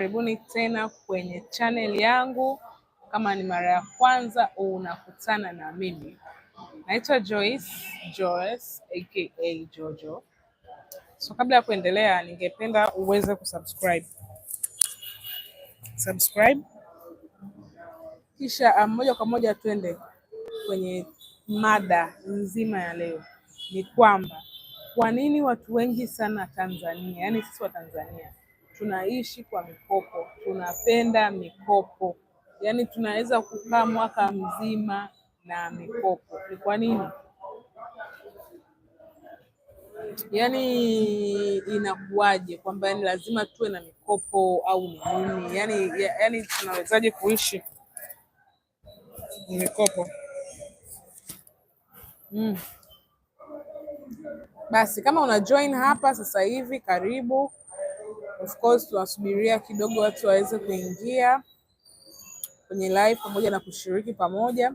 Karibuni tena kwenye channel yangu. Kama ni mara ya kwanza unakutana na mimi, naitwa Joyce Joyce aka Jojo. So kabla ya kuendelea, ningependa uweze kusubscribe subscribe, kisha ah, moja kwa moja twende kwenye mada nzima ya leo. Ni kwamba kwa nini watu wengi sana Tanzania, yani sisi wa Tanzania tunaishi kwa mikopo, tunapenda mikopo, yaani tunaweza kukaa mwaka mzima na mikopo. Ni kwa nini? Yaani inakuwaje kwamba yani lazima tuwe na mikopo au ni nini? Yaani ya, yani tunawezaje kuishi mikopo? Mm. Basi kama una join hapa sasa hivi, karibu. Of course tunasubiria kidogo watu waweze kuingia kwenye live pamoja na kushiriki pamoja.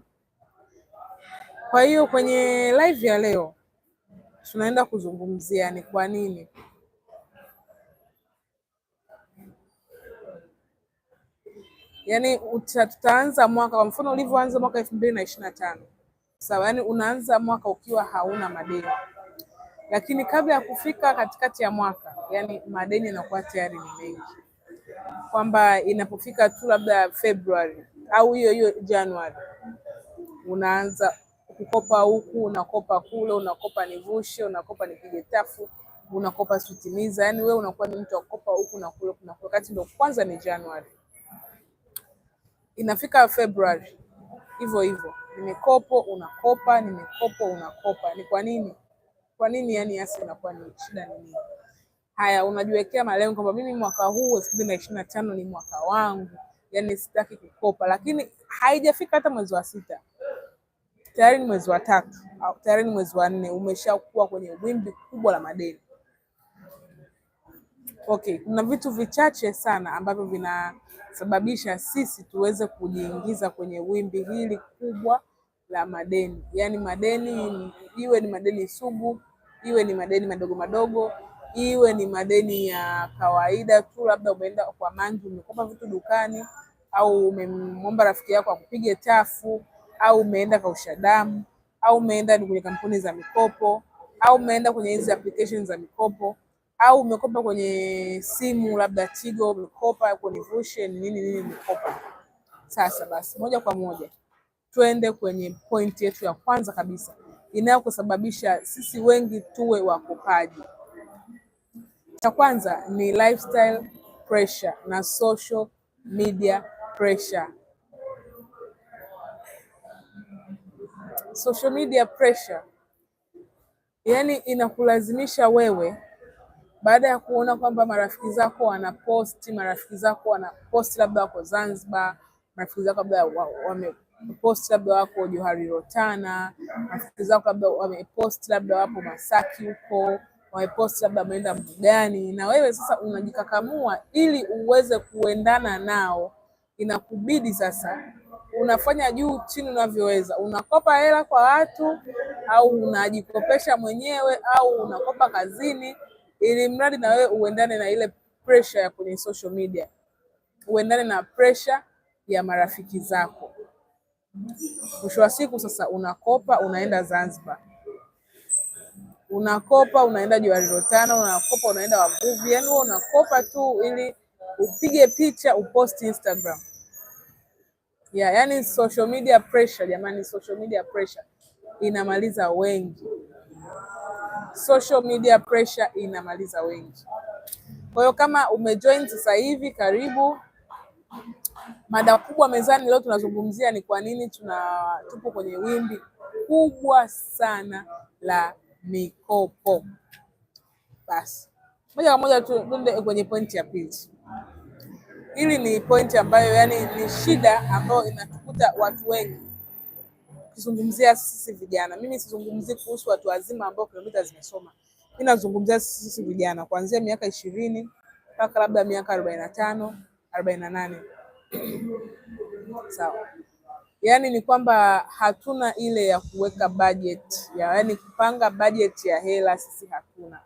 Kwa hiyo kwenye live ya leo tunaenda kuzungumzia ni kwa nini yani tutaanza mwaka kwa mfano ulivyoanza mwaka elfu mbili na ishirini na tano sawa, yani unaanza mwaka ukiwa hauna madeni lakini kabla ya kufika katikati ya mwaka, yani madeni yanakuwa tayari ni mengi, kwamba inapofika tu labda Februari au hiyo hiyo Januari unaanza kukopa huku, unakopa kule, unakopa nivushe, unakopa nipige tafu, unakopa sitimiza. Yani wewe unakuwa ni mtu wa kukopa huku na kule, kuna wakati ndio kwanza ni Januari, inafika Februari hivyo hivyo, nimekopo unakopa, nimekopo unakopa. Ni kwa nini? Kwa nini yani asi unakuwa ni shida ni nini? Haya, unajiwekea malengo kwamba mimi mwaka huu elfu mbili na ishirini na tano ni mwaka wangu, yani sitaki kukopa, lakini haijafika hata mwezi wa sita tayari ni mwezi wa tatu au tayari ni mwezi wa nne, umeshakuwa kwenye wimbi kubwa la madeni. Okay, kuna vitu vichache sana ambavyo vinasababisha sisi tuweze kujiingiza kwenye wimbi hili kubwa la madeni, yaani madeni iwe ni madeni sugu, iwe ni madeni madogo madogo, iwe ni madeni ya kawaida tu, labda umeenda kwa manju umekopa vitu dukani, au umemwomba rafiki yako akupige chafu, au umeenda kausha damu, au umeenda kwenye kampuni za mikopo, au umeenda kwenye hizi application za mikopo, au umekopa kwenye simu, labda Tigo umekopa kwenye Vushe, nini nini umekopa. Sasa basi, moja kwa moja twende kwenye pointi yetu ya kwanza kabisa inayokusababisha sisi wengi tuwe wakopaji. Cha kwanza ni lifestyle pressure na social media pressure. Social media pressure, yani inakulazimisha wewe baada ya kuona kwamba marafiki zako wanaposti, marafiki zako wanaposti labda wako Zanzibar, marafiki zako labda wame post labda wako Johari Rotana, rafiki zako labda wamepost, labda wapo Masaki huko wamepost, labda wameenda mbugani, na wewe sasa unajikakamua ili uweze kuendana nao. Inakubidi sasa unafanya juu chini unavyoweza, unakopa hela kwa watu au unajikopesha mwenyewe au unakopa kazini, ili mradi na wewe uendane na ile pressure ya kwenye social media, uendane na pressure ya marafiki zako. Mwisho wa siku sasa unakopa unaenda Zanzibar, unakopa unaenda Jowari tano, unakopa unaenda Wavuvi. Yani wewe unakopa tu ili upige picha uposti Instagram. Yeah, yani social media pressure jamani, social media pressure inamaliza wengi. Social media pressure inamaliza wengi. Kwa hiyo kama umejoin sasa hivi, karibu Mada kubwa mezani leo tunazungumzia ni kwa nini tuna tupo kwenye wimbi kubwa sana la mikopo. Basi moja kwa moja tuende kwenye pointi ya pili. Hili ni pointi ambayo yani ni shida ambayo inatukuta watu wengi, kizungumzia sisi vijana. Mimi sizungumzi kuhusu watu wazima ambao kilomita zimesoma, mimi nazungumzia sisi vijana kuanzia miaka ishirini mpaka labda miaka arobaini na tano arobaini na nane Sawa. Yani ni kwamba hatuna ile ya kuweka budget ya, yani kupanga budget ya hela sisi hatuna.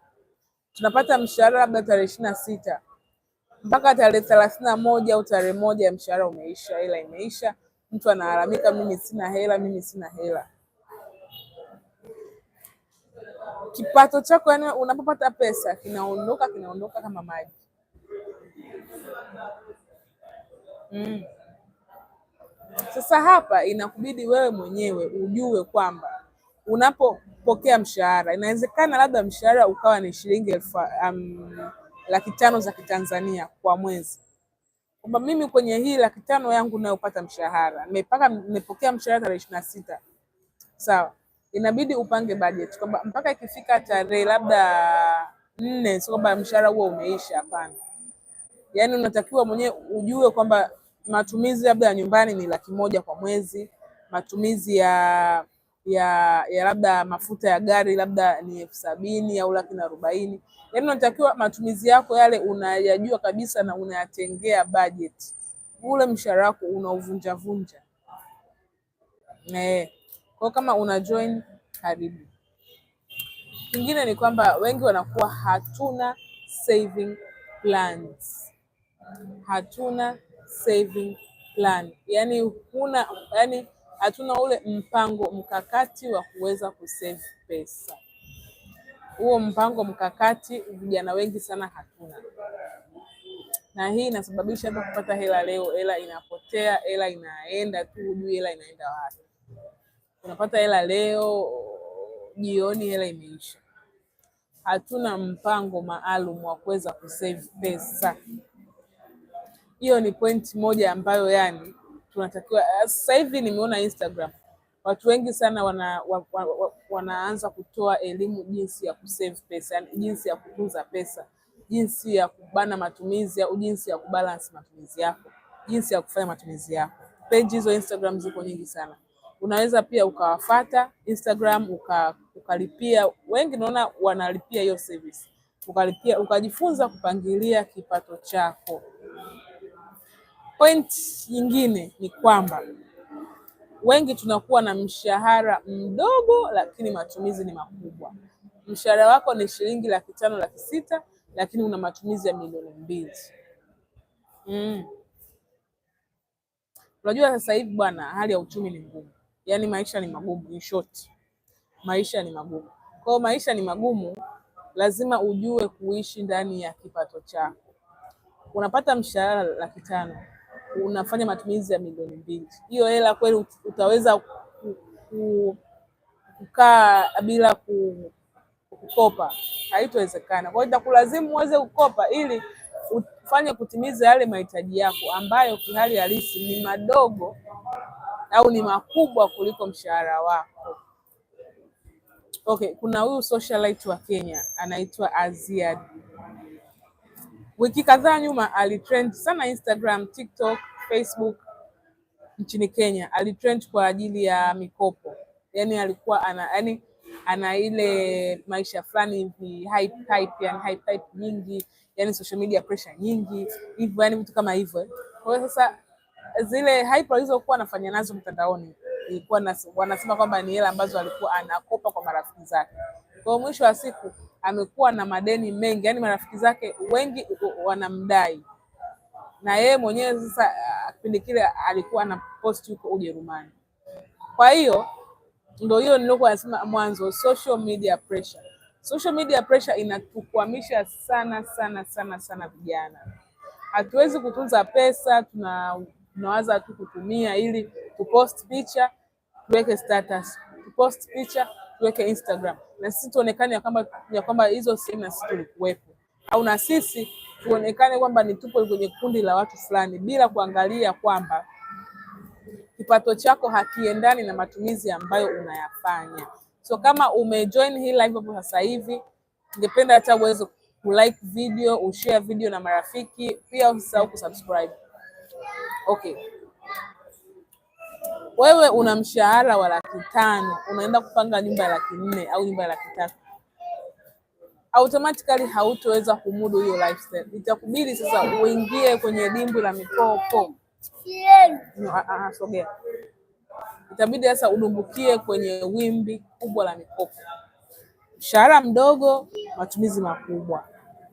Tunapata mshahara labda tarehe ishirini na sita mpaka tarehe thelathini na moja au tarehe moja ya mshahara umeisha, hela imeisha, mtu analalamika, mimi sina hela, mimi sina hela. Kipato chako, yani, unapopata pesa kinaondoka, kinaondoka kama maji. Mm. Sasa hapa inakubidi wewe mwenyewe ujue kwamba unapopokea mshahara, inawezekana labda mshahara ukawa ni shilingi elfu um, laki tano za Kitanzania kwa mwezi, kwamba mimi kwenye hii laki tano yangu nayopata mshahara, nimepaka nimepokea mshahara tarehe ishirini na sita sawa, inabidi upange bajeti kwamba mpaka ikifika tarehe labda nne, sio kwamba mshahara huo umeisha. Hapana, yaani unatakiwa mwenyewe ujue kwamba matumizi labda ya nyumbani ni laki moja kwa mwezi, matumizi ya ya, ya labda mafuta ya gari labda ni elfu sabini au laki na arobaini. yani unatakiwa matumizi yako yale unayajua kabisa na unayatengea bajeti, ule mshahara wako unauvunjavunja. kwao eh, Kwa kama una join karibu. Kingine ni kwamba wengi wanakuwa hatuna saving plans, hatuna saving plan, yani huna yani, hatuna ule mpango mkakati wa kuweza kusave pesa. Huo mpango mkakati vijana wengi sana hatuna, na hii inasababisha hata kupata hela leo, hela inapotea, hela inaenda tu, hujui hela inaenda wapi. Unapata hela leo, jioni hela imeisha. Hatuna mpango maalum wa kuweza kusave pesa. Hiyo ni point moja ambayo yani tunatakiwa. Ah, sasa hivi nimeona Instagram watu wengi sana wana, wa, wa, wa, wanaanza kutoa elimu jinsi ya kusave pesa, yani jinsi ya kutunza pesa, jinsi ya kubana matumizi au jinsi ya kubalance matumizi yako, jinsi ya kufanya matumizi yako. Page hizo Instagram ziko nyingi sana, unaweza pia ukawafata Instagram uka, ukalipia. Wengi naona wanalipia hiyo service, ukalipia ukajifunza kupangilia kipato chako Point nyingine ni kwamba wengi tunakuwa na mshahara mdogo, lakini matumizi ni makubwa. Mshahara wako ni shilingi laki tano, laki sita, lakini una matumizi ya milioni mbili. Mm. Unajua sasa hivi bwana, hali ya uchumi ni ngumu, yaani maisha ni magumu. In short, maisha ni magumu. Kwa hiyo maisha ni magumu, lazima ujue kuishi ndani ya kipato chako. Unapata mshahara laki tano unafanya matumizi ya milioni mbili, hiyo hela kweli utaweza kukaa bila kukopa? Haitowezekana. Kwa hiyo itakulazimu uweze kukopa ili ufanye kutimiza yale mahitaji yako ambayo kihali halisi ni madogo au ni makubwa kuliko mshahara wako. Okay, kuna huyu socialite wa Kenya anaitwa Aziad Wiki kadhaa nyuma alitrend sana Instagram, TikTok, Facebook nchini Kenya. Alitrend kwa ajili ya mikopo, yani alikuwa ana yani ana ile maisha fulani hivi hype hype, yani hype hype nyingi, yani social media pressure nyingi hivyo, yani vitu kama hivyo. Kwa hiyo sasa zile hype alizokuwa anafanya nazo mtandaoni ilikuwa wanasema kwamba ni hela ambazo alikuwa anakopa kwa marafiki zake. Kwa mwisho wa siku amekuwa na madeni mengi, yani marafiki zake wengi wanamdai, na yeye mwenyewe sasa uh, kipindi kile alikuwa na post huko Ujerumani. Kwa hiyo ndio hiyo nilikuwa nasema mwanzo, social media pressure. Social media pressure inatukwamisha sana sana sana sana vijana. Hatuwezi kutunza pesa, tuna tunawaza tu kutumia ili tupost picha tuweke status, tupost picha tuweke Instagram na sisi tuonekane ya kwamba ya kwamba hizo sehemu na sisi tulikuwepo, au na sisi tuonekane kwamba ni tupo kwenye kundi la watu fulani, bila kuangalia kwamba kipato chako hakiendani na matumizi ambayo unayafanya. So kama umejoin hii live hapo sasa hivi, ningependa hata uweze kulike video, ushare video na marafiki, pia usisahau kusubscribe. Okay wewe una mshahara wa laki tano unaenda kupanga nyumba ya laki nne au nyumba ya laki tatu automatically hautoweza kumudu hiyo lifestyle. Itakubidi sasa uingie kwenye dimbwi la mikopo. No, ah, ah, ah, sogea. Itabidi sasa udumbukie kwenye wimbi kubwa la mikopo. Mshahara mdogo, matumizi makubwa.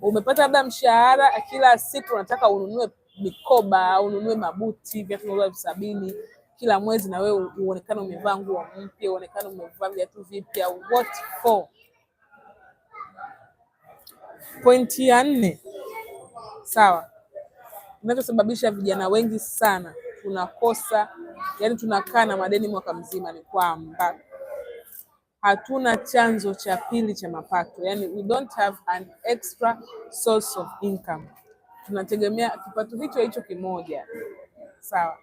Umepata labda mshahara, kila siku unataka ununue mikoba, ununue mabuti, viatu vya sabini, kila mwezi na wewe uonekane umevaa nguo mpya, uonekane umevaa viatu vipya. What for? Pointi ya nne, sawa, inachosababisha vijana wengi sana tunakosa yani, tunakaa na madeni mwaka mzima ni kwamba hatuna chanzo cha pili cha mapato, yani we don't have an extra source of income. Tunategemea kipato hicho hicho kimoja, sawa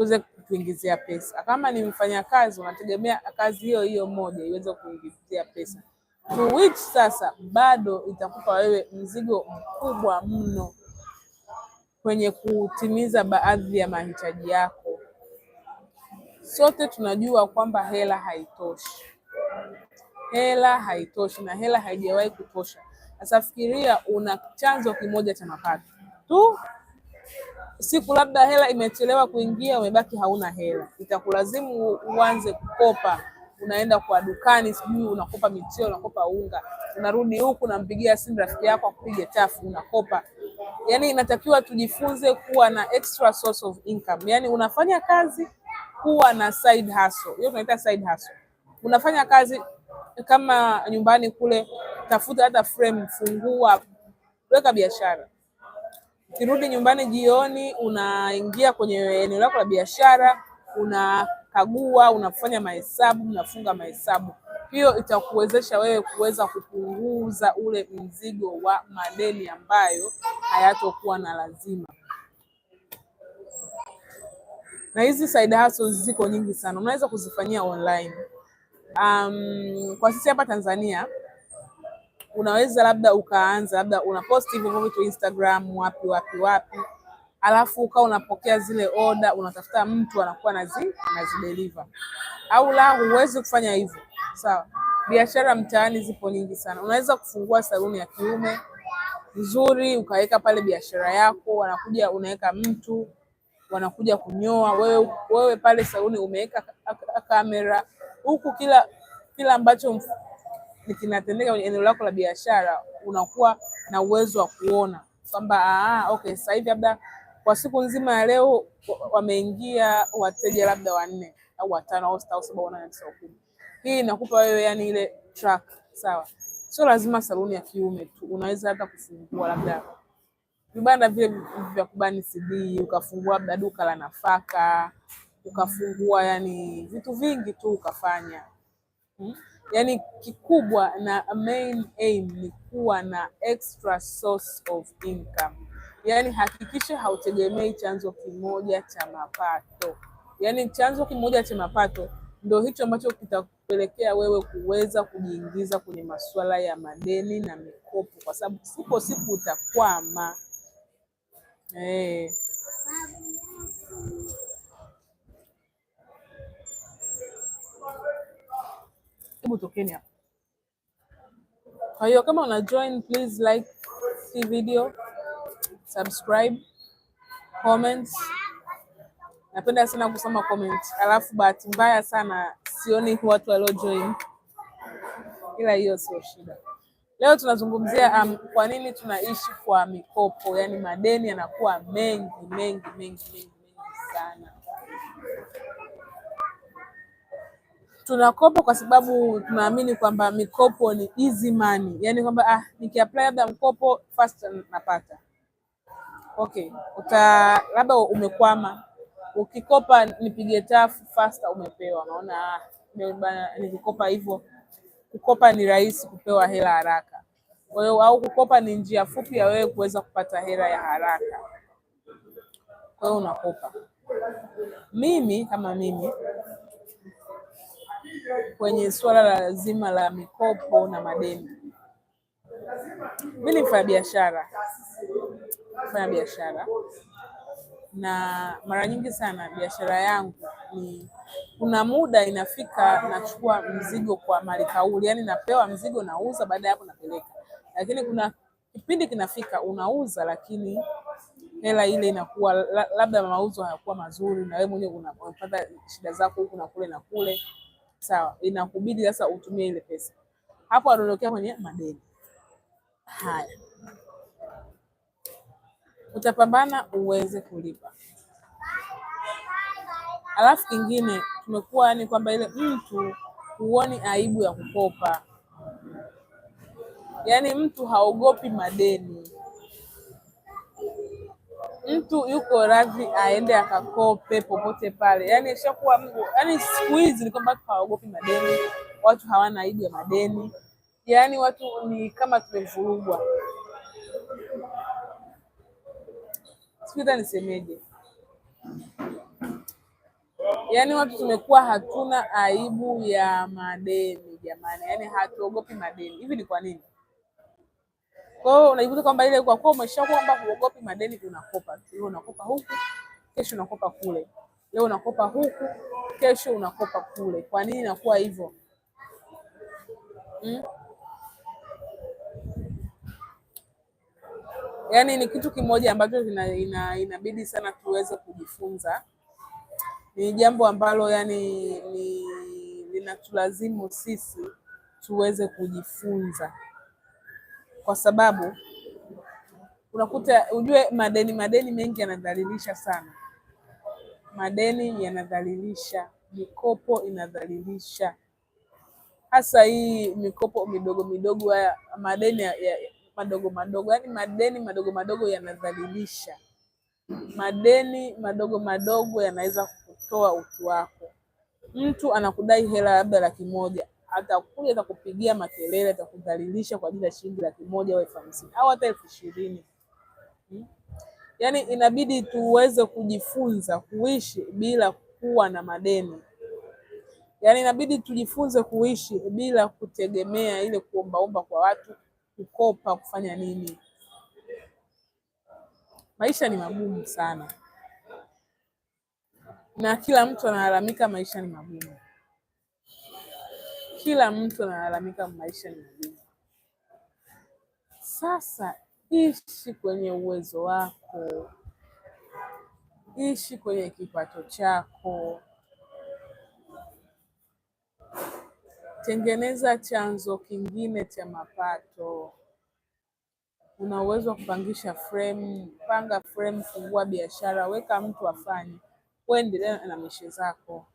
uweze kutuingizia pesa. Kama ni mfanyakazi, unategemea kazi hiyo hiyo moja iweze kuingizia pesa to which sasa bado itakupa wewe mzigo mkubwa mno kwenye kutimiza baadhi ya mahitaji yako. Sote tunajua kwamba hela haitoshi, hela haitoshi na hela haijawahi kutosha. Sasa fikiria una chanzo kimoja cha mapato tu siku labda hela imechelewa kuingia, umebaki hauna hela, itakulazimu uanze kukopa. Unaenda kwa dukani, sijui unakopa michele, unakopa unga, unarudi huku, unampigia simu rafiki yako akupige tafu, unakopa. Yani inatakiwa tujifunze kuwa na extra source of income, yani unafanya kazi, kuwa na side hustle. Hiyo tunaita side hustle. Unafanya kazi kama nyumbani kule, tafuta hata frame, fungua, weka biashara. Ukirudi nyumbani jioni, unaingia kwenye eneo lako la biashara, unakagua, unafanya mahesabu, unafunga mahesabu. Hiyo itakuwezesha wewe kuweza kupunguza ule mzigo wa madeni ambayo hayatokuwa na lazima. Na hizi side hustles ziko nyingi sana, unaweza kuzifanyia online. Um, kwa sisi hapa Tanzania unaweza labda ukaanza labda unaposti hivyo vitu Instagram, wapi wapi wapi, alafu ukawa unapokea zile oda, unatafuta mtu anakuwa nazi nazideliver, au la, huwezi kufanya hivyo sawa. Biashara mtaani zipo nyingi sana. Unaweza kufungua saluni ya kiume nzuri, ukaweka pale biashara yako, wanakuja unaweka mtu wanakuja kunyoa wewe, wewe pale saluni umeweka kamera huku, kila kila ambacho kinatendeka kwenye eneo lako la biashara, unakuwa na uwezo wa kuona kwamba ah, okay, sasa hivi labda kwa siku nzima ya leo wameingia wateja labda wanne au watano au sita au saba au nane tisa kumi. Hii inakupa wewe yani ile track sawa. Sio lazima saluni ya kiume tu, unaweza hata kufungua labda vibanda vile vya kubani CD, ukafungua labda duka la nafaka, ukafungua yani vitu vingi tu ukafanya hmm? yani kikubwa na main aim ni kuwa na extra source of income, yani hakikisha hautegemei chanzo kimoja cha mapato. Yani chanzo kimoja cha mapato ndo hicho ambacho kitakupelekea wewe kuweza kujiingiza kwenye masuala ya madeni na mikopo, kwa sababu siku siku utakwama eh. hebu tokeni hapa. Kwa hiyo kama una join, please like hii video, subscribe, comment. Napenda sana kusoma comment, alafu bahati mbaya sana sioni watu waliojoin, ila hiyo sio shida. Leo tunazungumzia um, kwa nini tunaishi kwa mikopo, yaani madeni yanakuwa mengi mengi mengi mengi tunakopa kwa sababu tunaamini kwamba mikopo ni easy money, yaani kwamba ah, nikiapply labda mkopo fast napata. Okay, uta labda umekwama, ukikopa nipige tafu fast umepewa. Unaona ah, nikikopa hivyo, kukopa ni rahisi, kupewa hela haraka. Kwa hiyo au kukopa ni njia fupi ya wewe kuweza kupata hela ya haraka, kwa hiyo unakopa. Mimi kama mimi kwenye suala la zima la mikopo na madeni. Mimi ni mfanya biashara mfanya biashara, na mara nyingi sana biashara yangu ni kuna muda inafika nachukua mzigo kwa mali kauli, yani napewa mzigo nauza, baada ya hapo napeleka, lakini kuna kipindi kinafika unauza, lakini hela ile inakuwa labda mauzo hayakuwa mazuri, na wewe mwenyewe unapata shida zako huku na kule na kule sawa, inakubidi sasa utumie ile pesa. Hapo anaondokea kwenye madeni haya. Utapambana uweze kulipa. Alafu kingine tumekuwa ni kwamba ile mtu huoni aibu ya kukopa, yaani mtu haogopi madeni mtu yuko radhi aende akakope popote pale, yani ishakuwa mgu Yani siku hizi ni kwamba watu hawaogopi madeni, watu hawana aibu ya madeni, yani watu ni kama tumevurugwa, Sikuta nisemeje, yani watu tumekuwa hatuna aibu ya madeni jamani, yani hatuogopi madeni. Hivi ni kwa nini? Kwa hiyo unajikuta kwamba ile kwa kwa umesha kwamba huogopi madeni, unakopa leo, unakopa huku, kesho unakopa kule, leo unakopa huku, kesho unakopa kule. Kwa nini inakuwa hivyo? hmm? Yaani ni kitu kimoja ambacho inabidi ina sana tuweze kujifunza. Ni jambo ambalo yani linatulazimu sisi tuweze kujifunza kwa sababu unakuta, ujue, madeni madeni mengi yanadhalilisha sana. Madeni yanadhalilisha, mikopo inadhalilisha, hasa hii mikopo midogo midogo. Haya madeni ya, ya, madogo madogo, yaani madeni madogo madogo yanadhalilisha. Madeni madogo madogo yanaweza kutoa utu wako. Mtu anakudai hela labda laki moja atakuja atakupigia makelele, atakudhalilisha kwa ajili ya shilingi laki moja au elfu hamsini au hata elfu ishirini hmm? Yaani inabidi tuweze kujifunza kuishi bila kuwa na madeni. Yaani inabidi tujifunze kuishi bila kutegemea ile kuombaomba kwa watu, kukopa, kufanya nini. Maisha ni magumu sana, na kila mtu analalamika maisha ni magumu. Kila mtu analalamika maisha ni magumu. Sasa ishi kwenye uwezo wako, ishi kwenye kipato chako, tengeneza chanzo kingine cha mapato. Una uwezo wa kupangisha fremu, panga fremu, fungua biashara, weka mtu afanye, wewe na mishe zako.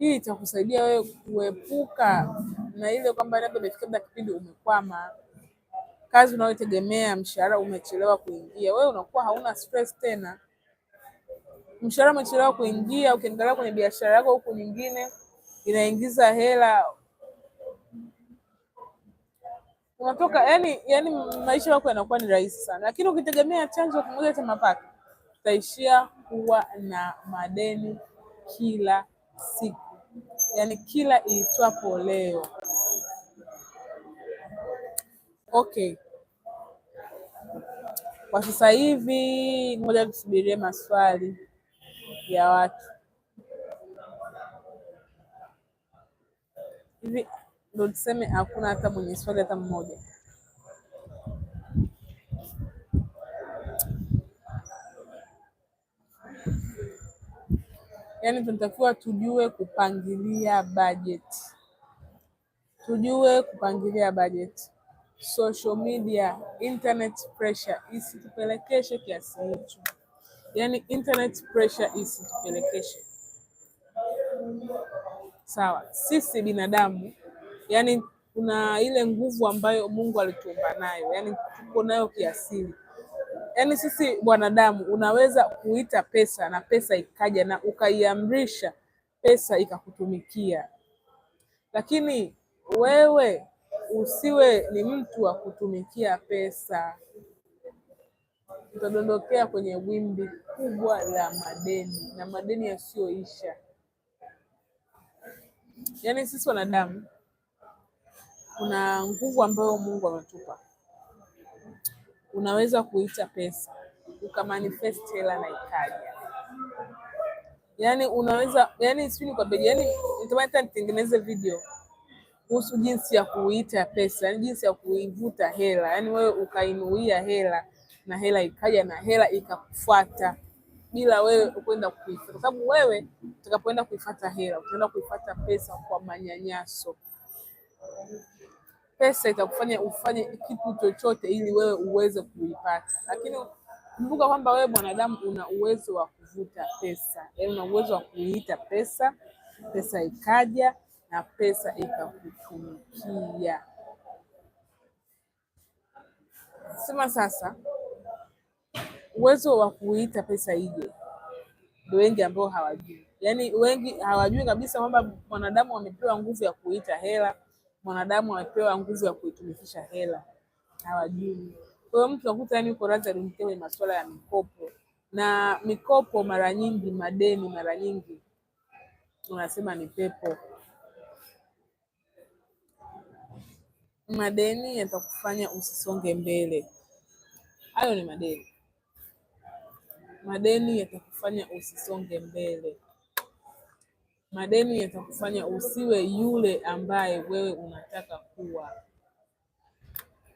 Hii itakusaidia wewe kuepuka na ile kwamba labda umefika labda kipindi umekwama, kazi unayotegemea mshahara umechelewa kuingia, wewe unakuwa hauna stress tena. Mshahara umechelewa kuingia, ukiangalia kwenye biashara yako huku nyingine inaingiza hela unatoka yani, yani maisha yako yanakuwa ni rahisi sana, lakini ukitegemea chanzo kimoja cha mapato utaishia kuwa na madeni kila siku yani kila iitwapo leo. Okay, kwa sasa hivi, ngoja tusubirie maswali ya watu. Hivi ndo tuseme hakuna hata mwenye swali hata mmoja. yani tunatakiwa tujue kupangilia bajeti, tujue kupangilia bajeti. Social media, internet pressure isitupelekeshe kiasi hicho, yani internet pressure isitupelekeshe. Sawa, sisi binadamu, yani kuna ile nguvu ambayo Mungu alituumba nayo, yani tuko nayo kiasili yani sisi wanadamu, unaweza kuita pesa na pesa ikaja na ukaiamrisha pesa ikakutumikia, lakini wewe usiwe ni mtu wa kutumikia pesa, utadondokea kwenye wimbi kubwa la madeni na madeni yasiyoisha. Yaani sisi wanadamu kuna nguvu ambayo Mungu ametupa unaweza kuita pesa ukamanifest hela na ikaja. Yani unaweza yani, sijui kwa beji yani, nitamani hata nitengeneze video kuhusu jinsi ya kuita pesa, yani jinsi ya kuivuta hela, yani wewe ukainuia hela na hela ikaja na hela ikakufuata bila wewe kwenda kuifuata, kwa sababu wewe utakapoenda kuifuata hela utaenda kuifuata pesa kwa manyanyaso pesa itakufanya ufanye kitu chochote ili wewe uweze kuipata, lakini kumbuka kwamba wewe mwanadamu una uwezo wa kuvuta pesa, yaani una uwezo wa kuiita pesa, pesa ikaja na pesa ikakutumikia. Sema sasa, uwezo wa kuiita pesa ije ndio wengi ambao hawajui, yaani wengi hawajui kabisa kwamba mwanadamu amepewa nguvu ya kuita hela mwanadamu amepewa nguvu ya kuitumikisha hela, hawajui. Kwa hiyo mtu akuta, yani uko radhi mtewe masuala ya mikopo na mikopo, mara nyingi madeni, mara nyingi unasema ni pepo. Madeni yatakufanya usisonge mbele. Hayo ni madeni. Madeni yatakufanya usisonge mbele madeni yatakufanya usiwe yule ambaye wewe unataka kuwa.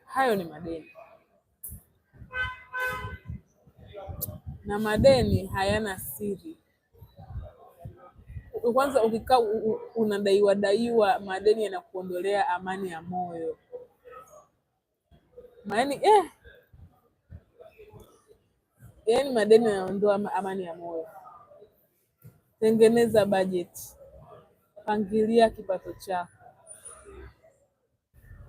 Hayo ni madeni, na madeni hayana siri. Kwanza ukikaa unadaiwa daiwa, madeni yanakuondolea amani ya moyo. Maani eh, yaani madeni yanaondoa amani ya moyo. Tengeneza bajeti, pangilia kipato chako,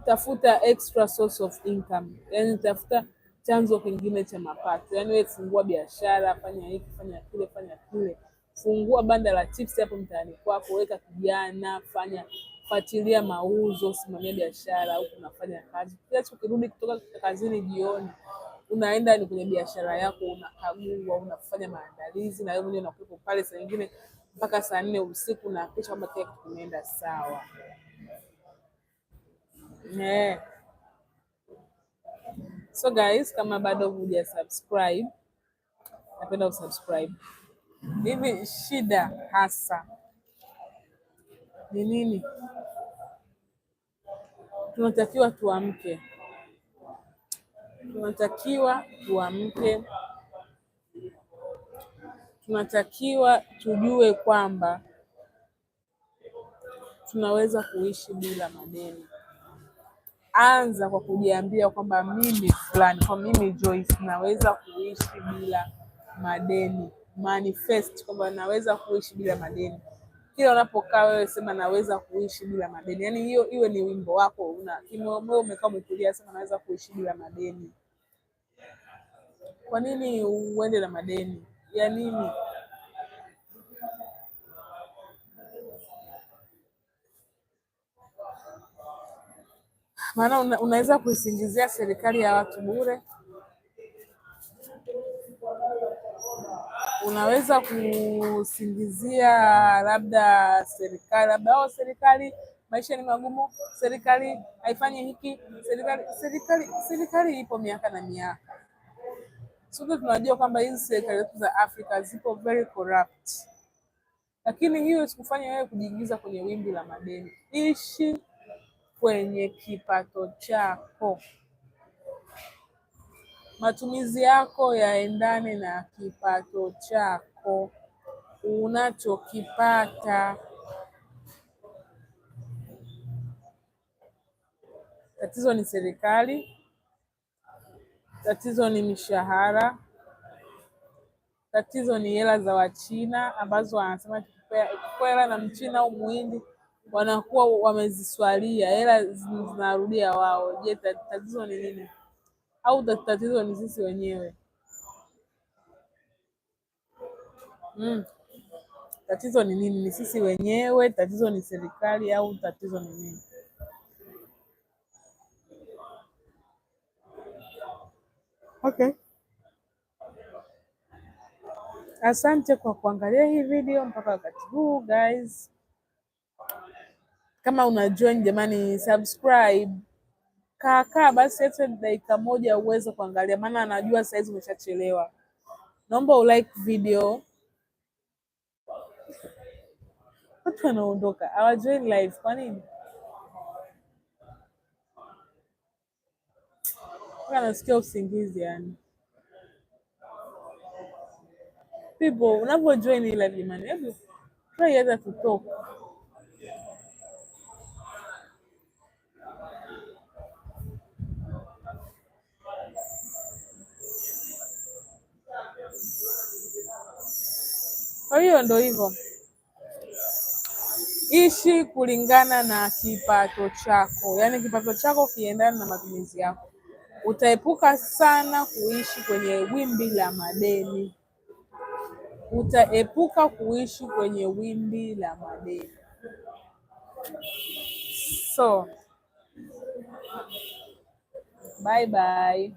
tafuta extra source of income, yani tafuta chanzo kingine cha mapato. Yaani wewe fungua biashara, fanya hiki, fanya kile, fanya kile, fungua banda la chips hapo mtaani kwako, weka kijana, fanya fuatilia mauzo, simamia biashara, huku unafanya kazi. Kila siku kirudi kutoka kazini jioni unaenda ni kwenye biashara yako, unakagua, unafanya maandalizi na wewe mwenyewe unakuwepo pale, saa nyingine mpaka saa nne usiku, na hakikisha kwamba kila kitu kimeenda sawa. Yeah. So guys, kama bado huja subscribe, napenda usubscribe. Hivi shida hasa ni nini? Tunatakiwa tuamke tunatakiwa tuamke, tunatakiwa tujue kwamba tunaweza kuishi bila madeni. Anza kwa kujiambia kwamba mimi fulani, kwa mimi Joyce naweza kuishi bila madeni. Manifest kwamba naweza kuishi bila madeni kila unapokaa wewe sema naweza kuishi bila madeni, yani hiyo iwe ni wimbo wako, una wewe umekaa umetulia, sema naweza kuishi bila madeni. Kwa nini uende na madeni ya nini? Maana una, unaweza kuisingizia serikali ya watu bure. unaweza kusingizia labda serikali, labda oh, serikali maisha ni magumu, serikali haifanyi hiki, serikali serikali serikali ipo miaka na miaka. Sote tunajua kwamba hizi serikali zetu za Afrika zipo very corrupt, lakini hiyo sikufanya wewe kujiingiza kwenye wimbi la madeni. Ishi kwenye kipato chako matumizi yako yaendane na kipato chako unachokipata. Tatizo ni serikali, tatizo ni mishahara, tatizo ni hela za Wachina ambazo wanasema kukua hela na Mchina au Muhindi wanakuwa wameziswalia hela zinarudia wao. Je, tatizo ni nini? au tatizo ni sisi wenyewe? Mm. Tatizo ni nini? Ni sisi wenyewe? Tatizo ni serikali au tatizo ni nini? Okay. Asante kwa kuangalia hii video mpaka wakati huu guys. Kama unajoin jamani, subscribe kaakaa basi hata dakika moja uweze kuangalia, maana anajua saizi umeshachelewa. Naomba ulike video. Watu wanaondoka hawajoin live, kwa nini? Anasikia usingizi yani. People, unavyojoin live jamani, hebu try hata kutoka Kwa hiyo ndo hivyo, ishi kulingana na kipato chako, yaani kipato chako kiendane na matumizi yako. Utaepuka sana kuishi kwenye wimbi la madeni, utaepuka kuishi kwenye wimbi la madeni. So bye bye.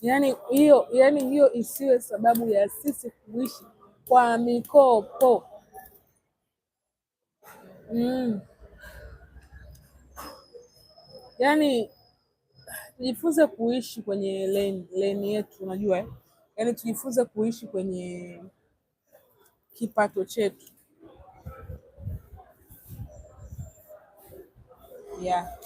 Yani hiyo yani hiyo isiwe sababu ya sisi kuishi kwa mikopo mm. Yani tujifunze kuishi kwenye leni, leni yetu unajua eh? Yani tujifunze kuishi kwenye kipato chetu yeah.